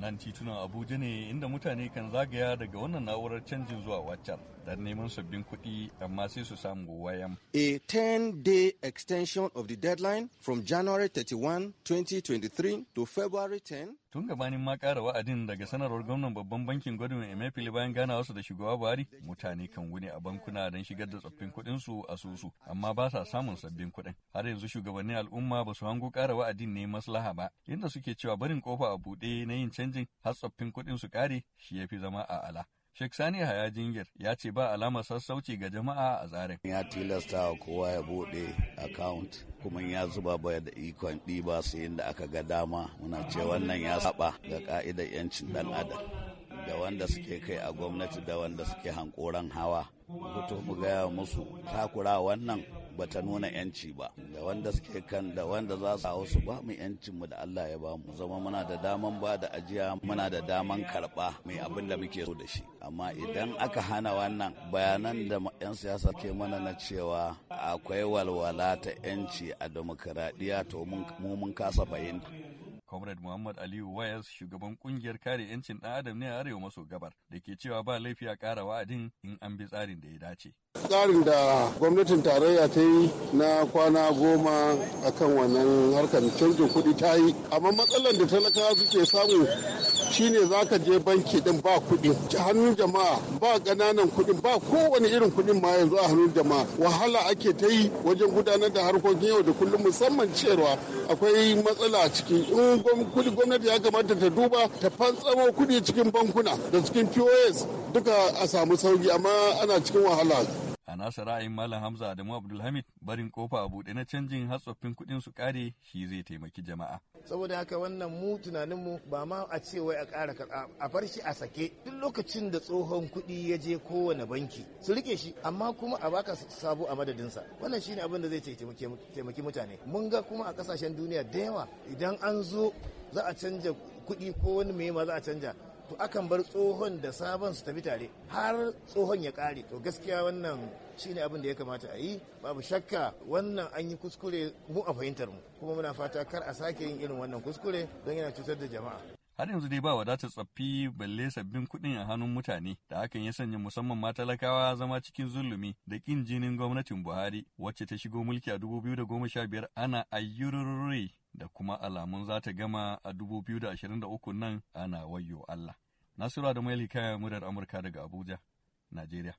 nan titunan abuja ne inda mutane kan zagaya daga wannan na'urar canjin zuwa waccan don neman sabbin kuɗi amma sai su samu wayan. a 10-day extension of the deadline from january 31 2023 to february 10 Tun gabanin ma ƙara wa'adin daga sanarwar gwamnan babban bankin gwadon Emefiele bayan gana wasu da shugaba Buhari, mutane kan wuni a bankuna don shigar da tsoffin kuɗinsu a susu, amma ba sa samun sabbin kuɗin. Har yanzu shugabannin al'umma ba su hango kara wa'adin ne maslaha ba, inda suke cewa barin kofa a buɗe na yin canjin har tsoffin kuɗin su ƙare shi ya fi zama a ala. Sheikh Sani Haya Jingir ya ce ba alamar sassauci ga jama'a a tsarin. Ya tilasta wa kowa ya buɗe account kuma ya zuba baya da ikon ɗiba sai inda aka ga dama muna ce wannan ya saba ga ka'idar 'yancin ɗan adam da wanda suke kai a gwamnati da wanda suke hankoran hawa fito mu gaya musu takura wannan bata nuna yanci ba da wanda suke kan da wanda za su hau su ba mu yancin da Allah ya ba mu zama muna da daman ba da ajiya muna da daman karba mai abin da muke so da shi amma idan aka hana wannan bayanan da yan siyasa ke mana na cewa akwai walwala ta yanci a demokradiya to mu mun kasa fahimta Comrade Muhammad Aliyu Wayas shugaban kungiyar kare 'yancin ɗan adam ne a arewa maso gabar da ke cewa ba laifi a ƙara wa'adin in an bi tsarin da ya dace. tsarin da gwamnatin tarayya ta yi na kwana goma a akan wannan harkar canjin kuɗi ta yi amma matsalar da talakawa suke samu shine za ka je banki din ba kuɗi hannun jama'a ba ƙananan kuɗin ba kowane irin kuɗin ma yanzu a hannun jama'a wahala ake ta yi wajen gudanar da harkokin yau da kullum musamman cewa akwai matsala a ciki in gwamnati ya kamata ta duba ta fantsamo kuɗi cikin bankuna da cikin pos duka a samu sauki amma ana cikin wahala A nasa ra'ayin Malam Hamza Adamu Abdulhamid barin kofa a buɗe na canjin hatsoffin kuɗin su ƙare shi zai taimaki jama'a. Saboda haka wannan mu tunaninmu ba ma a ce wai a ƙara karɓa a bar shi a sake duk lokacin da tsohon kuɗi ya je kowane banki su rike shi amma kuma a baka sabo a madadinsa wannan shine abin da zai taimaki mutane. Mun ga kuma a ƙasashen duniya da yawa idan an zo za a canja kuɗi ko wani mai ma za a canja to akan bar tsohon da sabon su tafi tare har tsohon ya kare to gaskiya wannan shine abin da ya kamata a yi babu shakka wannan an yi kuskure mu a fahimtar mu kuma muna fata kar a sake yin irin wannan kuskure don yana cutar da jama'a har yanzu dai ba wadatar tsaffi balle sabbin kuɗin a hannun mutane da hakan ya sanya musamman ma talakawa zama cikin zulumi da ƙin jinin gwamnatin buhari wacce ta shigo mulki a 2015 ana ayyururri da kuma alamun za ta gama a 2023 nan ana wayo Allah. nasiru da ya Kaya murar Amurka daga Abuja, Najeriya.